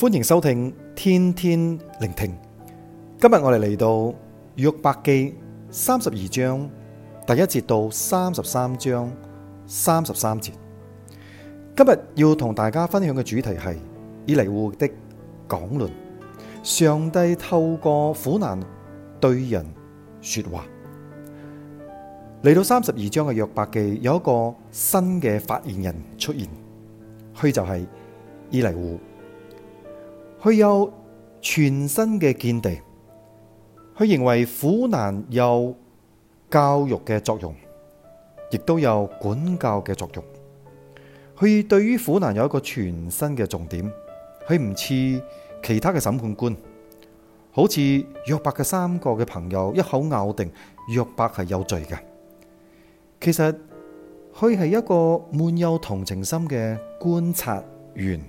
歡迎收聽天天聆聽。今日我哋嚟到約伯記三十二章第一節到三十三章三十三節。今日要同大家分享嘅主題係以利戶的講論。上帝透過苦難對人說話。嚟到三十二章嘅約伯記有一個新嘅發言人出現，佢就係以利戶。佢有全新嘅見地，佢認為苦難有教育嘅作用，亦都有管教嘅作用。佢對於苦難有一個全新嘅重點，佢唔似其他嘅審判官，好似約伯嘅三個嘅朋友一口咬定約伯係有罪嘅。其實佢係一個滿有同情心嘅觀察員。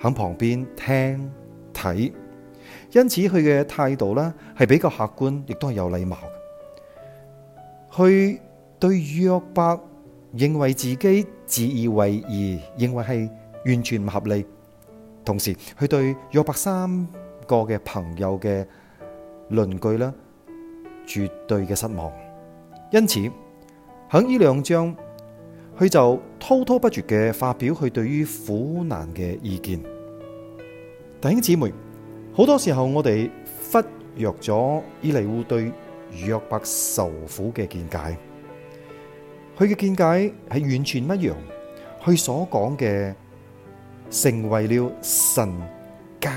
喺旁邊聽睇，因此佢嘅態度咧係比較客觀，亦都係有禮貌。佢對約伯認為自己自以為義認為係完全唔合理，同時佢對約伯三個嘅朋友嘅論據咧絕對嘅失望。因此喺呢兩章。佢就滔滔不絕嘅發表佢對於苦難嘅意見，弟兄姊妹，好多時候我哋忽略咗以利戶對約伯受苦嘅見解，佢嘅見解係完全唔一樣，佢所講嘅成為了神介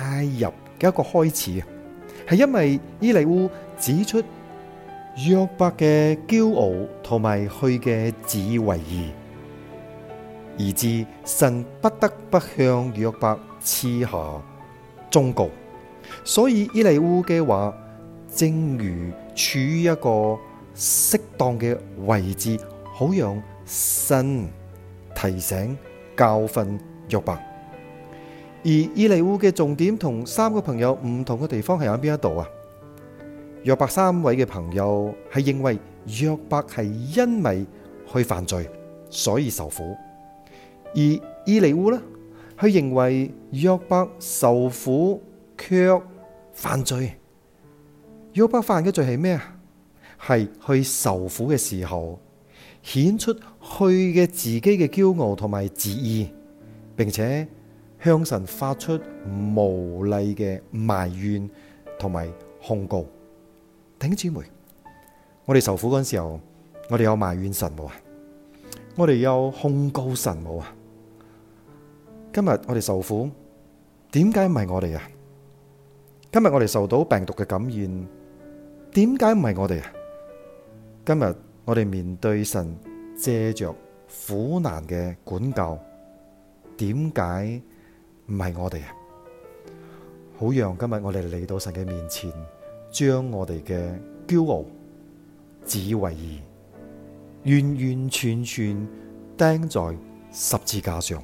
入嘅一個開始啊，係因為以利戶指出約伯嘅驕傲同埋佢嘅自以為義。以致神不得不向約伯賜下忠告，所以以利戶嘅話正如處於一個適當嘅位置，好讓神提醒教訓約伯。而以利戶嘅重點同三個朋友唔同嘅地方係喺邊一度啊？約伯三位嘅朋友係認為約伯係因為去犯罪，所以受苦。而以利戶咧，佢認為約伯受苦卻犯罪。約伯犯嘅罪係咩啊？係佢受苦嘅時候顯出佢嘅自己嘅驕傲同埋自義，並且向神發出無理嘅埋怨同埋控告。弟兄姊妹，我哋受苦嗰陣時候，我哋有埋怨神冇啊？我哋有控告神冇啊？今日我哋受苦，點解唔係我哋啊？今日我哋受到病毒嘅感染，點解唔係我哋啊？今日我哋面對神借着苦難嘅管教，點解唔係我哋啊？好讓今日我哋嚟到神嘅面前，將我哋嘅驕傲、自以為義，完完全全釘在十字架上。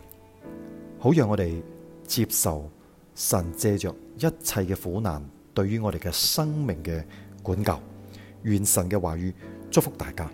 好讓我哋接受神借着一切嘅苦難，對於我哋嘅生命嘅管教，願神嘅話語祝福大家。